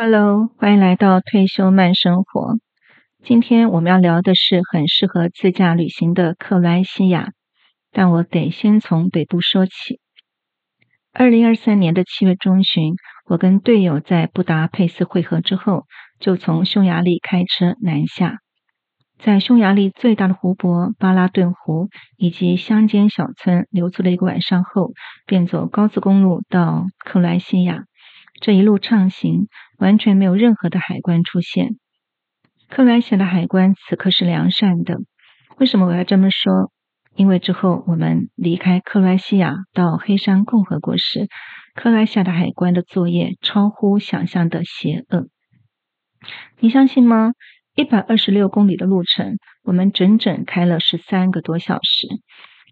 Hello，歡迎來到退休慢生活。今天我們要聊的是很適合自駕旅行的克羅埃西亞，但我得先從北部說起。二零二三年的七月中旬，我跟隊友在布達佩斯會合之後，就從匈牙利開車南下，在匈牙利最大的湖泊巴拉頓湖以及鄉間小村留宿了一個晚上後，便走高速公路到克羅埃西亞。這一路暢行。完全沒有任何的海關出現。克羅埃西亞的海關此刻是良善的。為什麼我要這麼說？因為之後我們離開克羅埃西亞到黑山共和國時，克羅埃西亞的海關的作業超乎想象的邪惡。你相信嗎？一百二十六公里的路程，我們整整開了十三個多小時，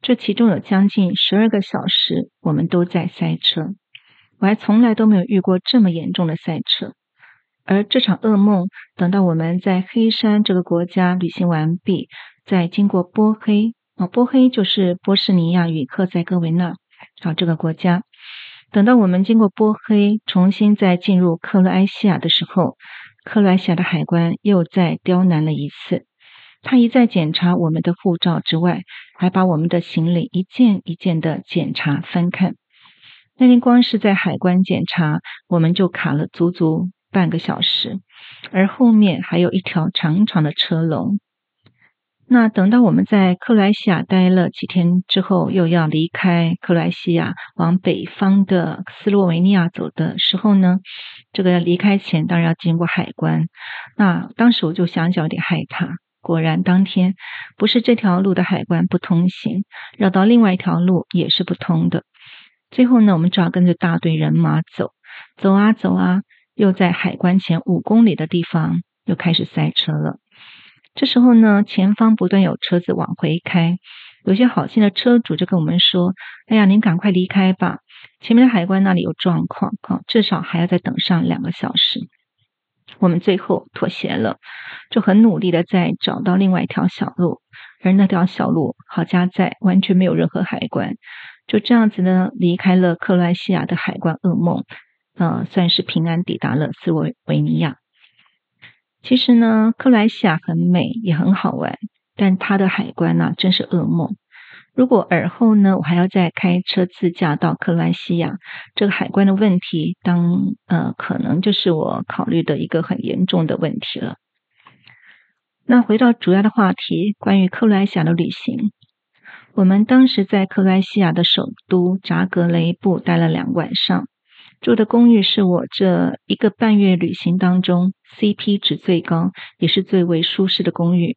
這其中有將近十二個小時我們都在塞車。我還從來都沒有遇過這麼嚴重的塞車，而這場噩夢，等到我們在黑山這個國家旅行完畢，再經過波黑啊、哦，波黑就是波士尼亞與克塞哥維那啊這個國家，等到我們經過波黑，重新再進入克羅埃西亞的時候，克羅埃西亞的海關又再刁難了一次，他一再檢查我們的護照之外，還把我們的行李一件一件的檢查翻看。那天光是在海關檢查，我們就卡了足足半個小時，而後面還有一條長長的車龍。那等到我們在克羅埃西亞待了幾天之後，又要離開克羅埃西亞往北方的斯洛維尼亞走的時候呢，這個要離開前當然要經過海關。那當時我就想想有點害怕，果然當天不是這條路的海關不通行，繞到另外一條路也是不通的。最後呢，我們只好跟着大隊人馬走，走啊走啊，又在海關前五公里的地方又開始塞車了。這時候呢，前方不斷有車子往回開，有些好心的車主就跟我們說：“哎呀，您趕快離開吧，前面的海關那裡有狀況啊，至少還要再等上兩個小時。”我們最後妥協了，就很努力的再找到另外一條小路，而那條小路好家在，完全沒有任何海關。就這樣子呢，離開了克羅埃西亞的海關噩夢，呃，算是平安抵達了斯洛維尼亞。其實呢，克羅埃西亞很美，也很好玩，但它的海關呢、啊，真是噩夢。如果爾後呢，我還要再開車自駕到克羅埃西亞，這個海關的問題當，當呃，可能就是我考慮的一個很嚴重的問題了。那回到主要的話題，關於克羅埃西亞的旅行。我們當時在克羅埃西亞的首都扎格雷布待了兩晚上，住的公寓是我這一個半月旅行當中 CP 值最高，也是最為舒適的公寓。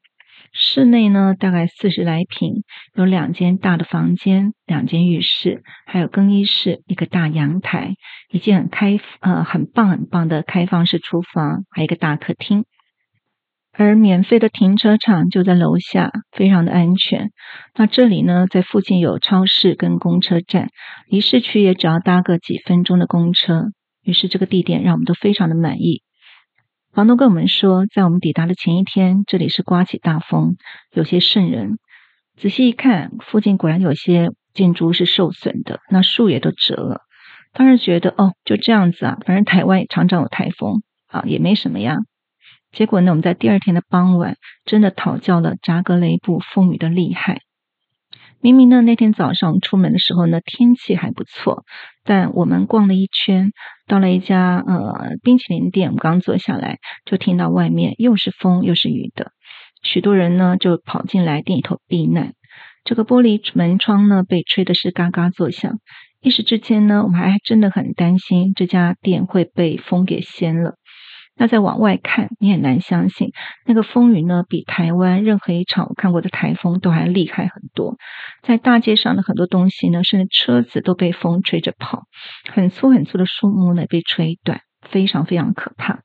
室內呢，大概四十來平，有兩間大的房間，兩間浴室，還有更衣室，一個大陽台，一間很開，呃，很棒很棒的開放式廚房，還有一個大客廳。而免費的停車場就在樓下，非常的安全。那這裡呢，在附近有超市跟公車站，離市區也只要搭個幾分鐘的公車。於是這個地點讓我們都非常的滿意。房東跟我們說，在我們抵達的前一天，這裡是刮起大風，有些滲人。仔細一看，附近果然有些建築是受損的，那樹也都折了。當時覺得哦，就這樣子啊，反正台灣也常常有台風啊，也沒什麼呀。結果呢，我們在第二天的傍晚真的討教了扎格雷布風雨的厲害。明明呢，那天早上出門的時候呢，天氣還不錯，但我們逛了一圈，到了一家呃冰淇淋店，我們剛坐下來，就聽到外面又是風又是雨的。許多人呢就跑進來店裡頭避難，這個玻璃門窗呢被吹得是嘎嘎作響。一時之間呢，我們還真的很擔心這家店會被風給掀了。那再往外看，你很難相信那個風雨呢，比台灣任何一場我看過的台風都還厲害很多。在大街上的很多東西呢，甚至車子都被風吹着跑，很粗很粗的樹木呢被吹斷，非常非常可怕。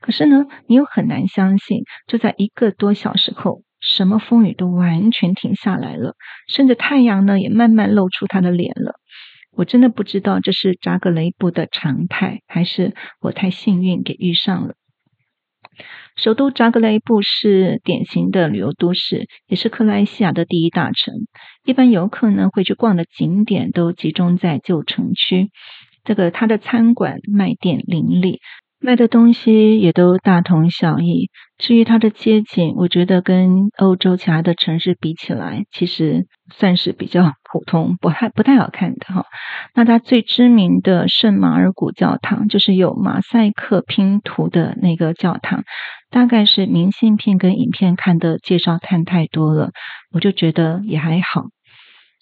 可是呢，你又很難相信，就在一個多小時後，什麼風雨都完全停下來了，甚至太陽呢也慢慢露出它的臉了。我真的不知道這是扎格雷布的常態，還是我太幸運給遇上了。首都扎格雷布是典型的旅遊都市，也是克羅埃西亞的第一大城。一般遊客呢，會去逛的景點都集中在舊城區，這個它的餐館、賣店林立。賣的東西也都大同小異，至於它的街景，我覺得跟歐洲其他的城市比起來，其實算是比較普通，不太不太好看的哈。那它最知名的聖馬爾谷教堂，就是有馬賽克拼圖的那個教堂，大概是明信片跟影片看的介紹看太多了，我就覺得也還好。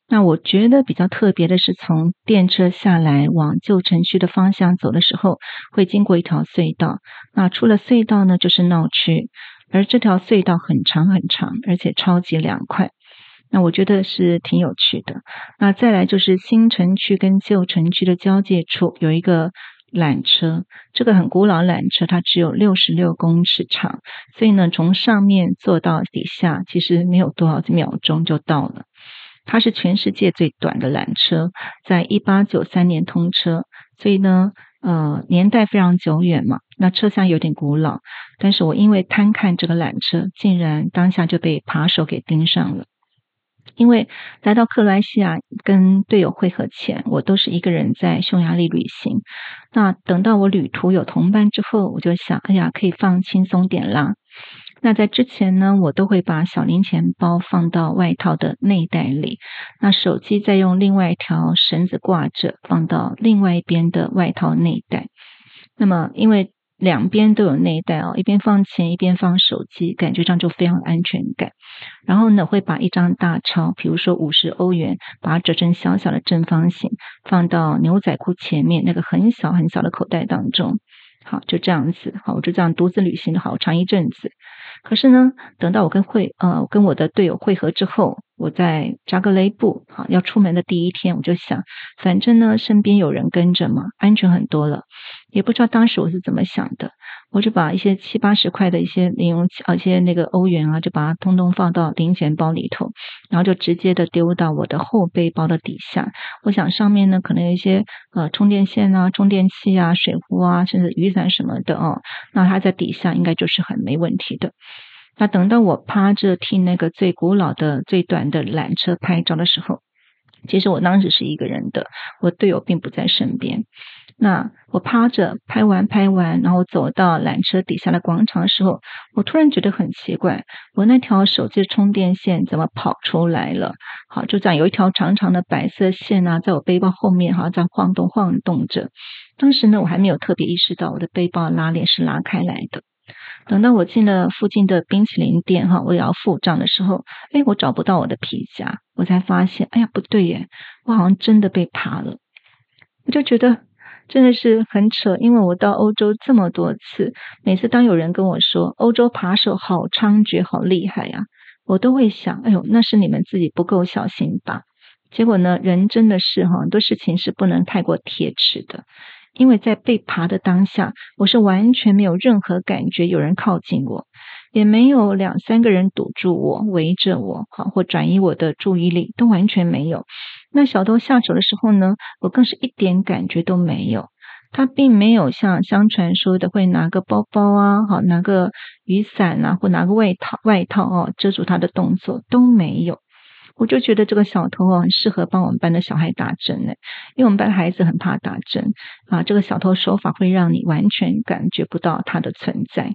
那我覺得比較特別的是，從電車下來往舊城區的方向走的時候，會經過一條隧道。那出了隧道呢，就是鬧區，而這條隧道很長很長，而且超級涼快。那我覺得是挺有趣的。那再來就是新城區跟舊城區的交界處有一個纜車，這個很古老纜車，它只有六十六公尺長，所以呢，從上面坐到底下，其實沒有多少秒鐘就到了。它是全世界最短的纜車，在一八九三年通車，所以呢，呃，年代非常久遠嘛。那車廂有點古老，但是我因為貪看這個纜車，竟然當下就被扒手給盯上了。因為來到克羅埃西亞跟隊友會合前，我都是一個人在匈牙利旅行。那等到我旅途有同伴之後，我就想，哎呀，可以放輕鬆點啦。那在之前呢，我都會把小零錢包放到外套的內袋裡，那手機再用另外一條繩子掛着，放到另外一邊的外套內袋。那麼因為兩邊都有內袋哦，一邊放錢，一邊放手機，感覺上就非常安全感。然後呢，會把一張大鈔，比如說五十歐元，把它折成小小的正方形，放到牛仔褲前面那個很小很小的口袋當中。好，就這樣子。好，我就這樣獨自旅行了好長一陣子。可是呢，等到我跟會呃跟我的隊友會合之後，我在扎格雷布啊，要出門的第一天，我就想，反正呢身邊有人跟着嘛，安全很多了。也不知道當時我是怎麼想的，我就把一些七八十塊的一些零用錢啊，一些那個歐元啊，就把它通通放到零錢包裡頭，然後就直接的丟到我的後背包的底下。我想上面呢可能有一些呃充電線啊，充電器啊、水壺啊，甚至雨傘什麼的哦、啊，那它在底下應該就是很沒問題的。那等到我趴着替那個最古老的、最短的纜車拍照的時候，其實我當時是一個人的，我隊友並不在身邊。那我趴着拍完拍完，然後走到纜車底下的廣場的時候，我突然覺得很奇怪，我那條手機充電線怎麼跑出來了？好，就這樣有一條長長的白色線呢、啊，在我背包後面、啊，好像在晃動晃動着。當時呢，我還沒有特別意識到我的背包的拉鏈是拉開來的。等到我進了附近的冰淇淋店哈，我也要付賬的時候，誒、哎，我找不到我的皮夾，我才發現，哎呀，不對耶，我好像真的被扒了。我就覺得真的是很扯，因為我到歐洲這麼多次，每次當有人跟我說歐洲扒手好猖獗、好厲害呀、啊，我都會想，哎呦，那是你們自己不夠小心吧。結果呢，人真的是哈，很多事情是不能太過鐵齒的。因為在被扒的當下，我是完全沒有任何感覺，有人靠近我，也沒有兩三個人堵住我，圍着我，好或轉移我的注意力，都完全沒有。那小偷下手的時候呢，我更是一點感覺都沒有。他並沒有像相傳說的會拿個包包啊，好拿個雨傘啊，或拿個外套，啊，外套哦遮住他的動作都沒有。我就覺得這個小偷啊，很適合幫我們班的小孩打針呢，因為我們班的孩子很怕打針啊。這個小偷手法會讓你完全感覺不到它的存在。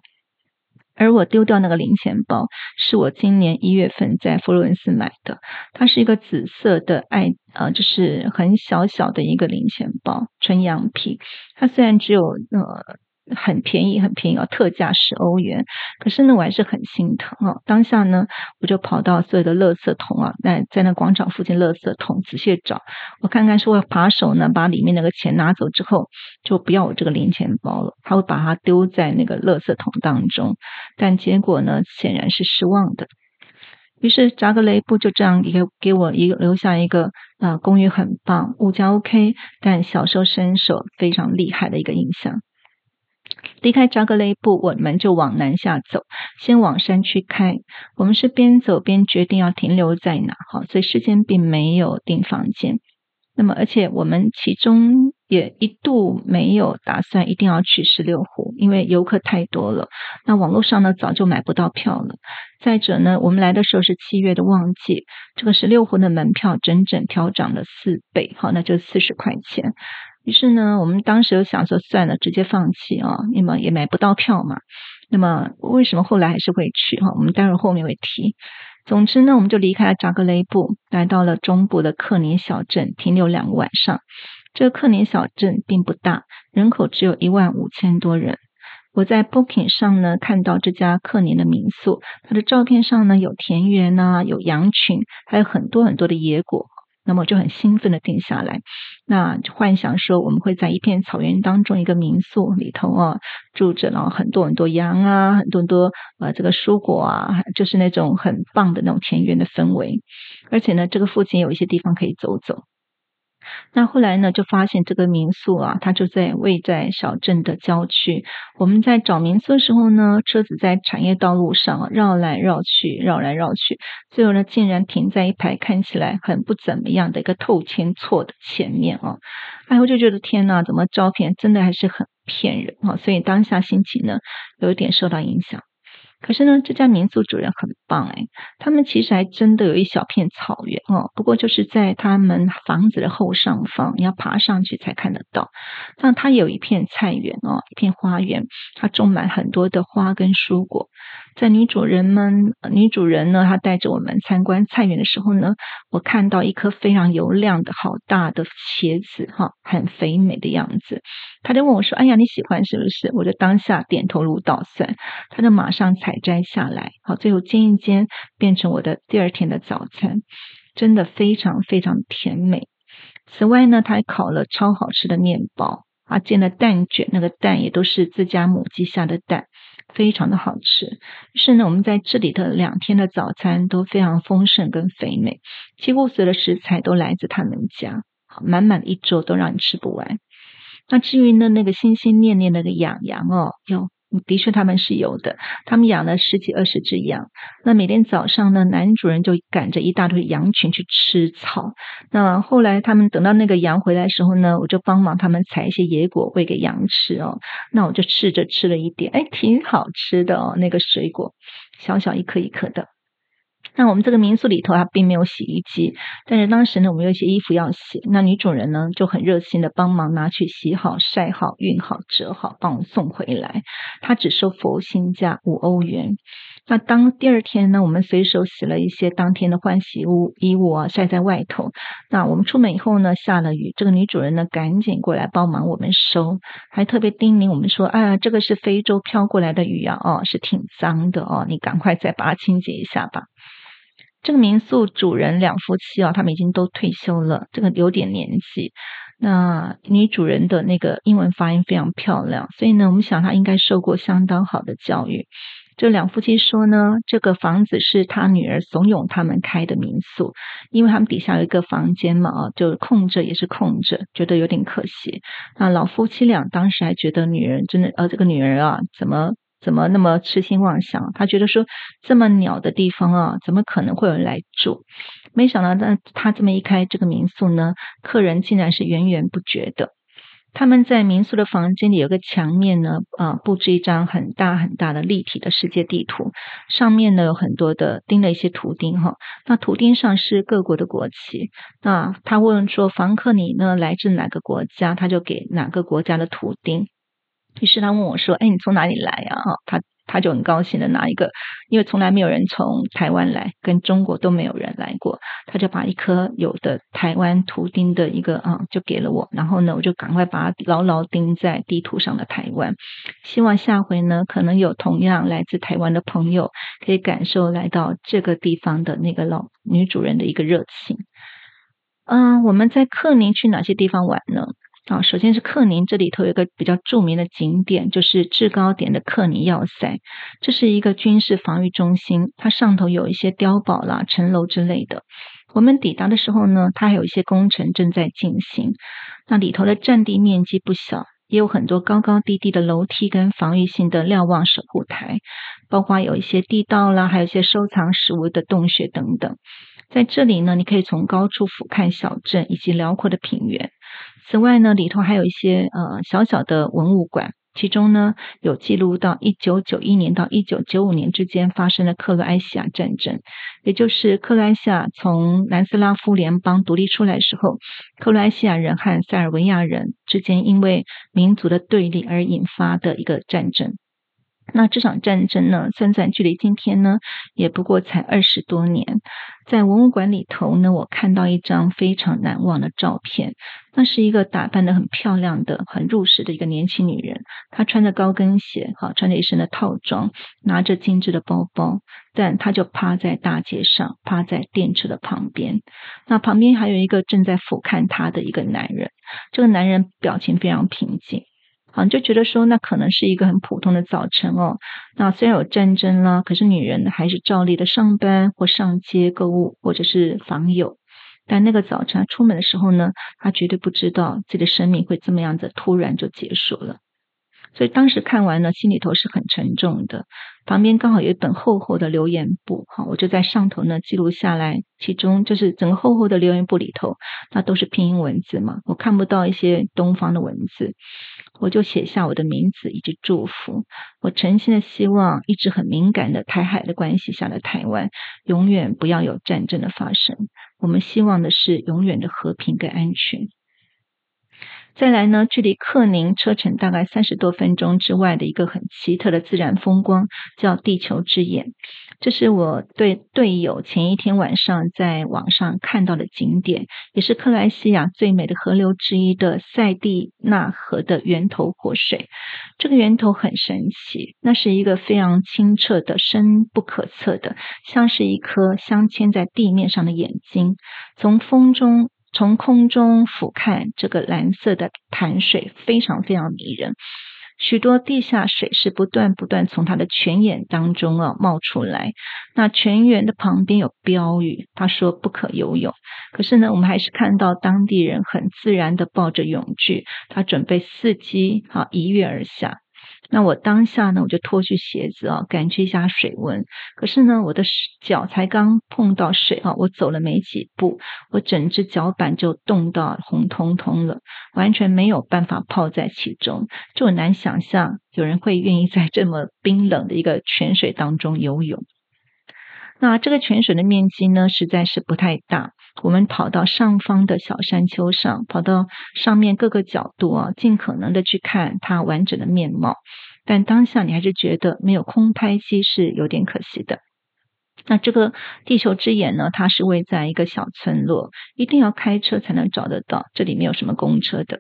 而我丟掉那個零錢包，是我今年一月份在佛羅倫斯買的，它是一個紫色的愛，呃，就是很小小的一個零錢包，純羊皮。它雖然只有呃。很便宜，很便宜啊！特價十歐元。可是呢，我還是很心疼啊、哦！當下呢，我就跑到所有的垃圾桶啊，在在那廣場附近垃圾桶仔細找，我看看是會扒手呢把裡面那個錢拿走之後，就不要我這個零錢包了。他會把它丟在那個垃圾桶當中，但結果呢，顯然是失望的。於是扎格雷布就這樣一個給我一個留下一個啊、呃、公寓很棒，物價 OK，但小偷身手非常厲害的一個印象。離開扎格雷布，我們就往南下走，先往山區開。我們是邊走邊決定要停留在哪，哈，所以事先並沒有訂房間。那麼，而且我們其中也一度沒有打算一定要去十六湖，因為遊客太多了。那網絡上呢，早就買不到票了。再者呢，我們來的時候是七月的旺季，這個十六湖的門票整整調漲了四倍，哈，那就四十塊錢。於是呢，我們當時又想說，算了，直接放棄啊、哦，那麼也買不到票嘛。那麼為什麼後來還是會去？哈，我們待會兒後面會提。總之呢，我們就離開了扎格雷布，來到了中部的克林小鎮，停留兩個晚上。這個克林小鎮並不大，人口只有一萬五千多人。我在 Booking 上呢看到這家克林的民宿，它的照片上呢有田園啊，有羊群，還有很多很多的野果。那麼就很興奮的定下來，那就幻想說我們會在一片草原當中一個民宿裡頭啊，住着了很多很多羊啊，很多很多呃、啊、這個蔬果啊，就是那種很棒的那種田園的氛圍，而且呢，這個附近有一些地方可以走走。那後來呢，就發現這個民宿啊，它就在位在小鎮的郊區。我們在找民宿的時候呢，車子在產業道路上繞來繞去，繞來繞去，最後呢，竟然停在一排看起來很不怎麼樣的一個透天厝的前面啊、哦！哎，我就覺得天吶，怎麼照片真的還是很騙人哦，所以當下心情呢，有點受到影響。可是呢，這家民宿主人很棒欸，他們其實還真的有一小片草原哦，不過就是在他們房子的後上方，你要爬上去才看得到。但他有一片菜園哦，一片花園，他種滿很多的花跟蔬果。在女主人們、女主人呢，她帶着我們參觀菜園的時候呢，我看到一顆非常油亮的好大的茄子，哈，很肥美的樣子。她就問我說：“哎呀，你喜歡是不是？”我就當下點頭如搗蒜，她就馬上採摘下來，好，最後煎一煎，變成我的第二天的早餐，真的非常非常甜美。此外呢，他還烤了超好吃的麵包，啊，煎的蛋捲，那個蛋也都是自家母雞下的蛋。非常的好吃，是呢，我們在這裡的兩天的早餐都非常豐盛跟肥美，幾乎所有的食材都來自他們家，好滿滿的一桌都讓你吃不完。那至於呢，那個心心念念那個養羊哦，喲的確，他們是有的。他們養了十幾二十隻羊。那每天早上呢，男主人就趕着一大堆羊群去吃草。那後來他們等到那個羊回來的時候呢，我就幫忙他們採一些野果餵給羊吃哦。那我就試着吃了一點，哎，挺好吃的哦，那個水果，小小一顆一顆的。那我們這個民宿裡頭，啊，並沒有洗衣機，但是當時呢，我們有一些衣服要洗，那女主人呢就很熱心的幫忙拿去洗好、曬好、熨好、折好，幫我們送回來。她只收佛心價五歐元。那當第二天呢，我們隨手洗了一些當天的換洗物衣物啊，曬在外頭。那我們出門以後呢，下了雨，這個女主人呢趕緊過來幫忙我們收，還特別叮嚀我們說：“哎呀，這個是非洲飄過來的雨呀、啊，哦，是挺髒的哦，你趕快再把它清潔一下吧。”這個民宿主人兩夫妻啊，他們已經都退休了，這個有點年紀。那女主人的那個英文發音非常漂亮，所以呢，我們想她應該受過相當好的教育。這兩夫妻說呢，這個房子是他女兒慫恿他們開的民宿，因為他們底下有一個房間嘛，啊，就是空着也是空着，覺得有點可惜。那老夫妻倆當時還覺得女人真的，呃，這個女人啊，怎麼？怎麼那麼痴心妄想？他覺得說這麼鳥的地方啊，怎麼可能會有人來住？沒想到，但他這麼一開這個民宿呢，客人竟然是源源不絕的。他們在民宿的房間裡有個牆面呢，啊，布置一張很大很大的立體的世界地圖，上面呢有很多的釘了一些圖釘哈、哦。那圖釘上是各國的國旗。那、啊、他問說房客你呢來自哪個國家？他就給哪個國家的圖釘。於是他問我說：“誒、哎、你從哪裡來呀、啊哦？”他他就很高興的拿一個，因為從來沒有人從台灣來，跟中國都沒有人來過，他就把一顆有的台灣圖釘的一個啊、嗯，就給了我。然後呢，我就趕快把它牢牢釘在地圖上的台灣。希望下回呢，可能有同樣來自台灣的朋友，可以感受來到這個地方的那個老女主人的一個熱情。嗯、呃，我們在克寧去哪些地方玩呢？啊，首先是克寧，這裡頭有一個比較著名的景點，就是制高點的克寧要塞，這是一個軍事防禦中心，它上頭有一些碉堡啦、城樓之類的。我們抵達的時候呢，它還有一些工程正在進行，那裡頭的佔地面積不小，也有很多高高低低的樓梯跟防禦性的瞭望守護台，包括有一些地道啦，還有一些收藏食物的洞穴等等。在這裡呢，你可以從高處俯瞰小鎮以及遼闊的平原。此外呢，裡頭還有一些呃小小的文物館，其中呢有記錄到一九九一年到一九九五年之間發生的克羅埃西亞戰爭，也就是克羅埃西亞從南斯拉夫聯邦獨立出來的時候，克羅埃西亞人和塞爾維亞人之間因為民族的對立而引發的一個戰爭。那這場戰爭呢，算算距離今天呢，也不過才二十多年。在文物館裡頭呢，我看到一張非常難忘的照片。那是一個打扮得很漂亮的、很入時的一個年輕女人，她穿着高跟鞋，好，穿着一身的套裝，拿着精緻的包包，但她就趴在大街上，趴在電車的旁邊。那旁邊還有一個正在俯瞰她的一個男人，這個男人表情非常平靜。好像就覺得說，那可能是一個很普通的早晨哦。那雖然有戰爭啦，可是女人還是照例的上班或上街購物，或者是訪友。但那個早晨出門的時候呢，她絕對不知道自己的生命會這麼樣子突然就結束了。所以當時看完呢，心裡頭是很沉重的。旁邊剛好有一本厚厚的留言簿，哈，我就在上頭呢記錄下來。其中就是整個厚厚的留言簿裡頭，那都是拼音文字嘛，我看不到一些東方的文字。我就寫下我的名字以及祝福，我誠心的希望，一直很敏感的台海的關係下的台灣，永遠不要有戰爭的發生。我們希望的是永遠的和平跟安全。再來呢，距離克寧車程大概三十多分鐘之外的一個很奇特的自然風光，叫地球之眼。這是我對隊友前一天晚上在網上看到的景點，也是克羅埃西亞最美的河流之一的塞蒂納河的源頭活水。這個源頭很神奇，那是一個非常清澈的、深不可測的，像是一顆鑲嵌在地面上的眼睛。從風中、從空中俯瞰這個藍色的潭水，非常非常迷人。許多地下水是不斷不斷從他的泉眼當中啊冒出來。那泉源的旁邊有標語，他說不可游泳。可是呢，我們還是看到當地人很自然的抱着泳具，他準備伺機啊一躍而下。那我當下呢，我就脫去鞋子啊，感覺一下水溫。可是呢，我的腳才剛碰到水啊，我走了沒幾步，我整隻腳板就凍到紅彤彤了，完全沒有辦法泡在其中。就很難想象有人會願意在這麼冰冷的一個泉水當中游泳。那這個泉水的面積呢，實在是不太大。我們跑到上方的小山丘上，跑到上面各個角度啊，盡可能的去看它完整的面貌。但當下你還是覺得沒有空拍機是有點可惜的。那這個地球之眼呢，它是位在一個小村落，一定要開車才能找得到，這裡沒有什麼公車的。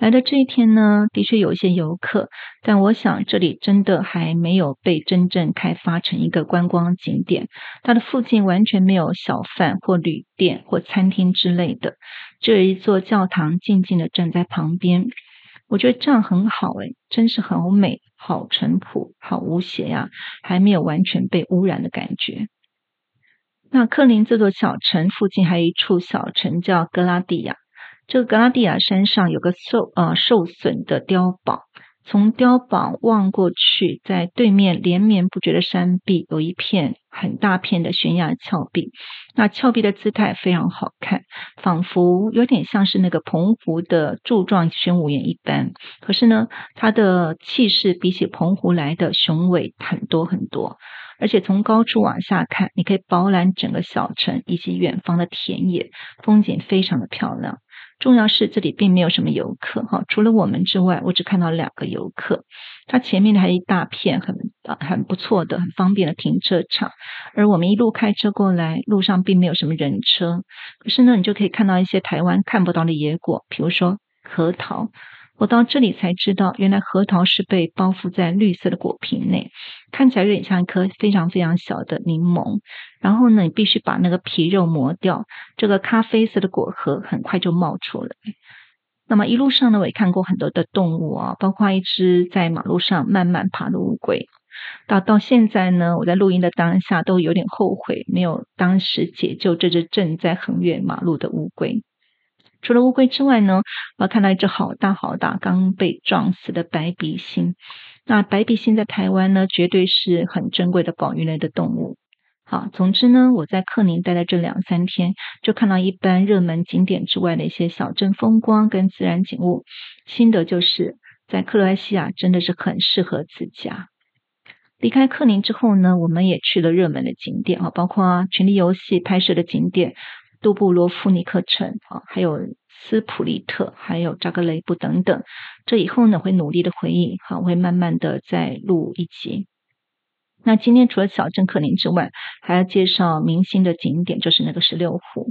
來的這一天呢，的確有一些遊客，但我想這裡真的還沒有被真正開發成一個觀光景點。它的附近完全沒有小販或旅店或餐廳之類的，只有一座教堂靜靜地站在旁邊。我覺得這樣很好哎，真是好美、好淳樸、好無邪呀、啊，還沒有完全被污染的感覺。那克林這座小城附近還有一處小城叫格拉蒂亞。這個格拉蒂亞山上有個受呃受損的碉堡，從碉堡望過去，在對面連綿不絕的山壁有一片很大片的懸崖峭壁，那峭壁的姿態非常好看，仿佛有點像是那個澎湖的柱狀玄武岩一般。可是呢，它的氣勢比起澎湖來的雄偉很多很多，而且從高處往下看，你可以飽覽整個小城以及遠方的田野，風景非常的漂亮。重要是這裡並沒有什麼遊客哈，除了我們之外，我只看到兩個遊客。它前面還有一大片很很不錯的、很方便的停車場，而我們一路開車過來，路上並沒有什麼人車。可是呢，你就可以看到一些台灣看不到的野果，比如說核桃。我到這裡才知道，原來核桃是被包覆在綠色的果皮內，看起來有點像一顆非常非常小的檸檬。然後呢，你必須把那個皮肉磨掉，這個咖啡色的果核很快就冒出來。那麼一路上呢，我也看過很多的動物啊、哦，包括一隻在馬路上慢慢爬的烏龜。到到現在呢，我在錄音的當下都有點後悔，沒有當時解救這隻正在橫越馬路的烏龜。除了烏龜之外呢，我看到一隻好大好大，剛被撞死的白鼻心。那白鼻心在台灣呢，絕對是很珍貴的保育類的動物。好，總之呢，我在克林待了這兩三天，就看到一般熱門景點之外的一些小鎮風光跟自然景物。心得就是在克羅埃西亞真的是很適合自駕。離開克林之後呢，我們也去了熱門的景點啊，包括啊《權力遊戲》拍攝的景點。杜布羅夫尼克城啊，還有斯普利特，還有扎格雷布等等。這以後呢，會努力的回憶，我會慢慢的再錄一集。那今天除了小鎮克林之外，還要介紹明星的景點，就是那個十六湖。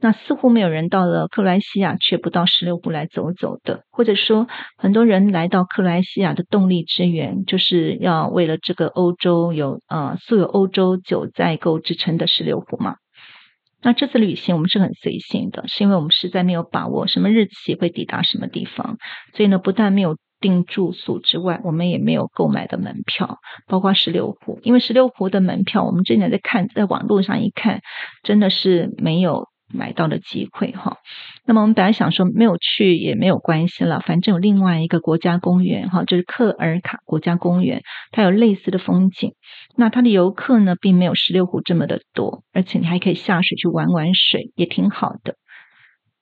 那似乎沒有人到了克羅埃西亞，卻不到十六湖來走走的。或者說，很多人來到克羅埃西亞的動力之源，就是要為了這個歐洲有呃素有歐洲九寨溝之稱的十六湖嘛。那這次旅行我們是很隨性的，是因為我們實在沒有把握什麼日期會抵達什麼地方，所以呢，不但沒有訂住宿之外，我們也沒有購買的門票，包括十六湖，因為十六湖的門票，我們之前在看，在網絡上一看，真的是沒有。買到的機會哈，那麼我們本來想說沒有去也沒有關係了，反正有另外一個國家公園哈，就是克爾卡國家公園，它有類似的風景。那它的遊客呢，並沒有十六湖這麼的多，而且你還可以下水去玩玩水，也挺好的。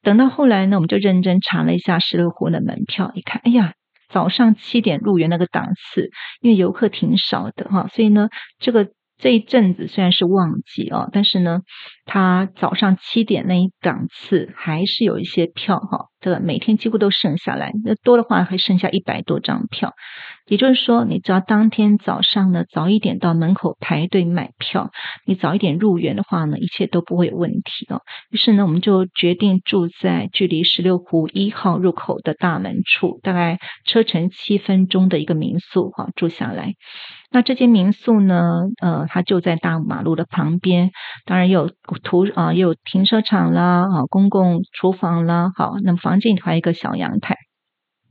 等到後來呢，我們就認真查了一下十六湖的門票，一看，哎呀，早上七點入園那個檔次，因為遊客挺少的哈，所以呢，這個。這一陣子雖然是旺季哦，但是呢，他早上七點那一檔次還是有一些票哈。對，每天幾乎都剩下來，那多的話還剩下一百多張票，也就是說，你只要當天早上呢，早一點到門口排隊買票，你早一點入園的話呢，一切都不會有問題哦。於是呢，我們就決定住在距離十六湖一號入口的大門處，大概車程七分鐘的一個民宿哈、哦，住下來。那這間民宿呢，呃，它就在大馬路的旁邊，當然也有圖啊，也有停車場啦，啊，公共廚房啦，好，那麼房。房間裡頭還有一個小陽台，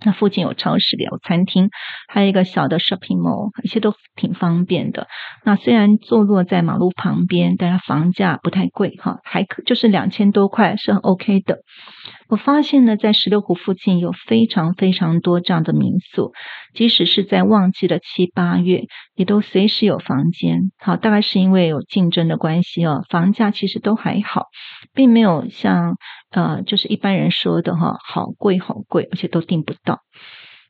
那附近有超市，有餐廳，還有一個小的 shopping mall，一切都挺方便的。那雖然坐落在馬路旁邊，但是房價不太貴，哈，還可就是兩千多塊是很 OK 的。我發現呢，在十六湖附近有非常非常多這樣的民宿，即使是在旺季的七八月，也都隨時有房間。好，大概是因為有競爭的關係哦，房價其實都還好，並沒有像呃，就是一般人說的哈，好貴好貴，而且都訂不到。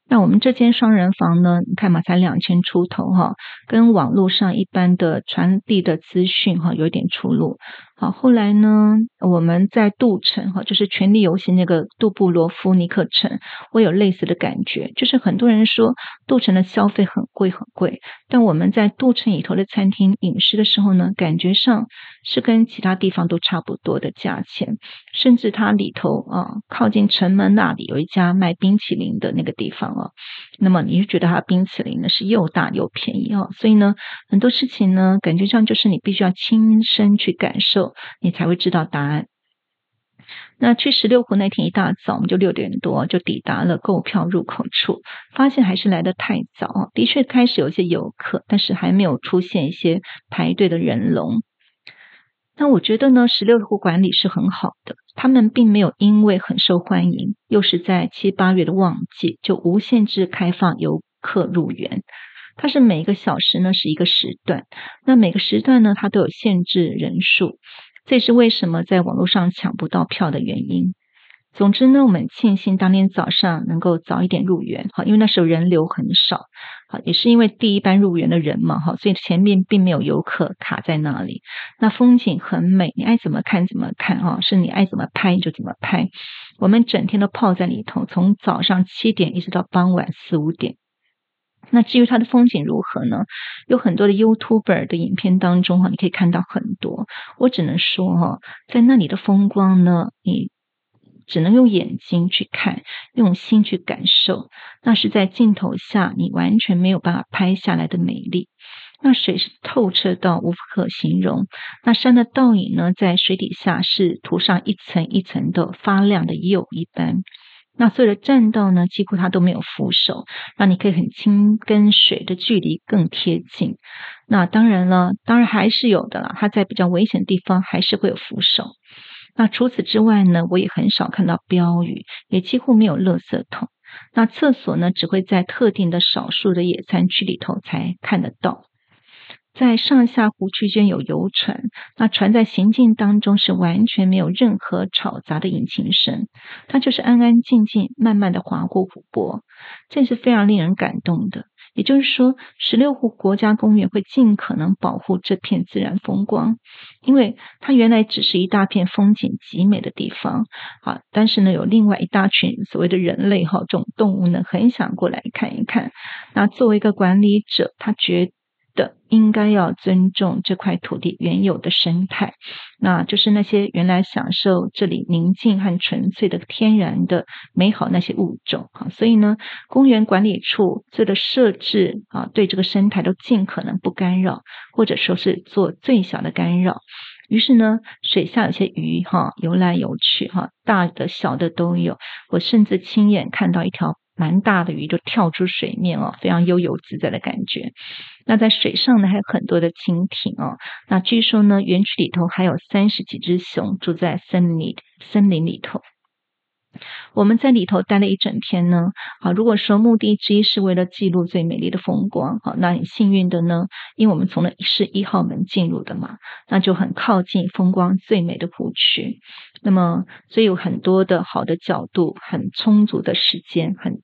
那我們這間雙人房呢，你看嘛，才兩千出頭哈，跟網絡上一般的傳遞的資訊哈，有點出入。好，後來呢，我們在杜城哈，就是權力遊戲那個杜布羅夫尼克城，我有類似的感覺。就是很多人說杜城的消費很貴很貴，但我們在杜城裡頭的餐廳飲食的時候呢，感覺上是跟其他地方都差不多的價錢。甚至它裡頭啊，靠近城門那裡有一家賣冰淇淋的那個地方哦。那麼你就覺得它冰淇淋呢是又大又便宜哦。所以呢，很多事情呢，感覺上就是你必須要親身去感受。你才會知道答案。那去十六湖那天一大早，我們就六點多就抵達了購票入口處，發現還是來得太早。的確，開始有一些遊客，但是還沒有出現一些排隊的人龍。那我覺得呢，十六湖管理是很好的，他們並沒有因為很受歡迎，又是在七八月的旺季，就無限制開放遊客入園。它是每一個小時呢是一個時段，那每個時段呢它都有限制人數，這也是為什麼在網絡上搶不到票的原因。總之呢，我們慶幸當天早上能夠早一點入園，好，因為那時候人流很少，好，也是因為第一班入園的人嘛，哈，所以前面並沒有遊客卡在那裡。那風景很美，你愛怎麼看怎麼看，哈，是你愛怎麼拍就怎麼拍。我們整天都泡在裡頭，從早上七點一直到傍晚四五點。那至於它的風景如何呢？有很多的 YouTuber 的影片當中哈，你可以看到很多。我只能說哈，在那裡的風光呢，你只能用眼睛去看，用心去感受。那是在鏡頭下你完全沒有辦法拍下來的美麗。那水是透徹到無可形容，那山的倒影呢，在水底下是塗上一層一層的發亮的釉一般。那所有的棧道呢，幾乎它都沒有扶手，讓你可以很輕，跟水的距離更貼近。那當然了，當然還是有的啦，它在比較危險的地方還是會有扶手。那除此之外呢，我也很少看到標語，也幾乎沒有垃圾桶。那廁所呢，只會在特定的少數的野餐區裡頭才看得到。在上下湖區間有遊船，那船在行進當中是完全沒有任何吵雜的引擎聲，它就是安安靜靜、慢慢地劃過湖泊，這是非常令人感動的。也就是說，十六湖國家公園會盡可能保護這片自然風光，因為它原來只是一大片風景極美的地方啊。但是呢，有另外一大群所謂的人類哈，這種動物呢，很想過來看一看。那作為一個管理者，他覺的應該要尊重這塊土地原有的生態，那就是那些原來享受這裡寧靜和純粹的天然的美好那些物種、啊、所以呢，公園管理處這個設置啊，對這個生態都盡可能不干擾，或者說是做最小的干擾。於是呢，水下有些魚哈、啊、游來游去哈、啊，大的小的都有。我甚至親眼看到一條蠻大的魚就跳出水面、啊、非常悠游自在的感覺。那在水上呢還有很多的蜻蜓哦。那據說呢，園區裡頭還有三十幾隻熊住在森林裡森林裡頭。我們在裡頭待了一整天呢。好，如果說目的之一是為了記錄最美麗的風光，好，那很幸運的呢，因為我們從的是一號門進入的嘛，那就很靠近風光最美的湖區。那麼，所以有很多的好的角度，很充足的時間，很。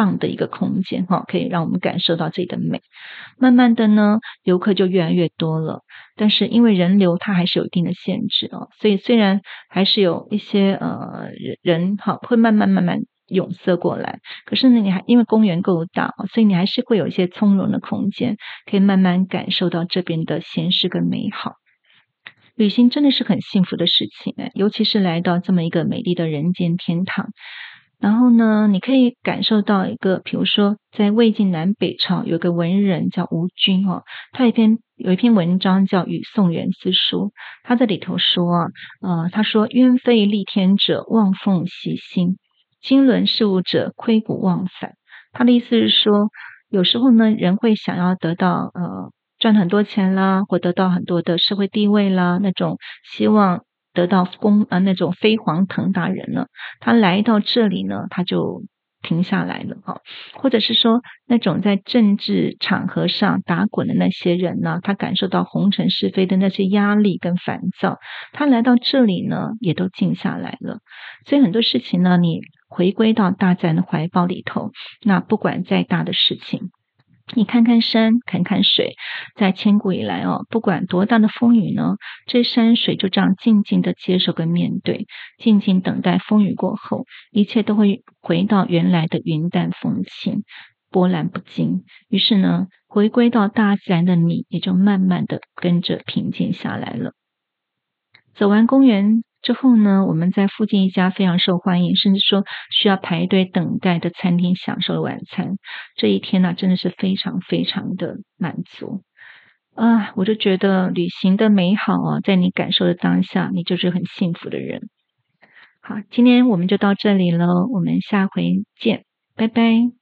棒的一個空間哈，可以讓我們感受到這裡的美。慢慢的呢，遊客就越來越多了。但是因為人流它還是有一定的限制哦，所以雖然還是有一些呃人人哈，會慢慢慢慢湧塞過來。可是呢，你還因為公園夠大，所以你還是會有一些從容的空間，可以慢慢感受到這邊的閒適跟美好。旅行真的是很幸福的事情，尤其是來到這麼一個美麗的人間天堂。然後呢，你可以感受到一個，比如說，在魏晉南北朝有個文人叫吳均哦，他一篇有一篇文章叫《與宋元思書》，他在裡頭說呃，他說“鳶飛戾天者，望峰息心；經綸事務者，窺谷忘反。”他的意思是說，有時候呢，人會想要得到呃賺很多錢啦，或得到很多的社會地位啦，那種希望。得到功啊，那種飛黃騰達人了，他來到這裡呢，他就停下來了哈。或者是說，那種在政治場合上打滾的那些人呢，他感受到紅塵是非的那些壓力跟煩躁，他來到這裡呢，也都靜下來了。所以很多事情呢，你回歸到大自然的懷抱裡頭，那不管再大的事情。你看看山，看看水，在千古以來哦，不管多大的風雨呢，這山水就這樣靜靜的接受跟面對，靜靜等待風雨過後，一切都會回到原來的雲淡風輕、波瀾不驚。於是呢，回歸到大自然的你，也就慢慢的跟着平靜下來了。走完公園，之後呢，我們在附近一家非常受歡迎，甚至說需要排隊等待的餐廳享受了晚餐。這一天呢，真的是非常非常的滿足啊！我就覺得旅行的美好啊，在你感受的當下，你就是很幸福的人。好，今天我們就到這裡了，我們下回見，拜拜。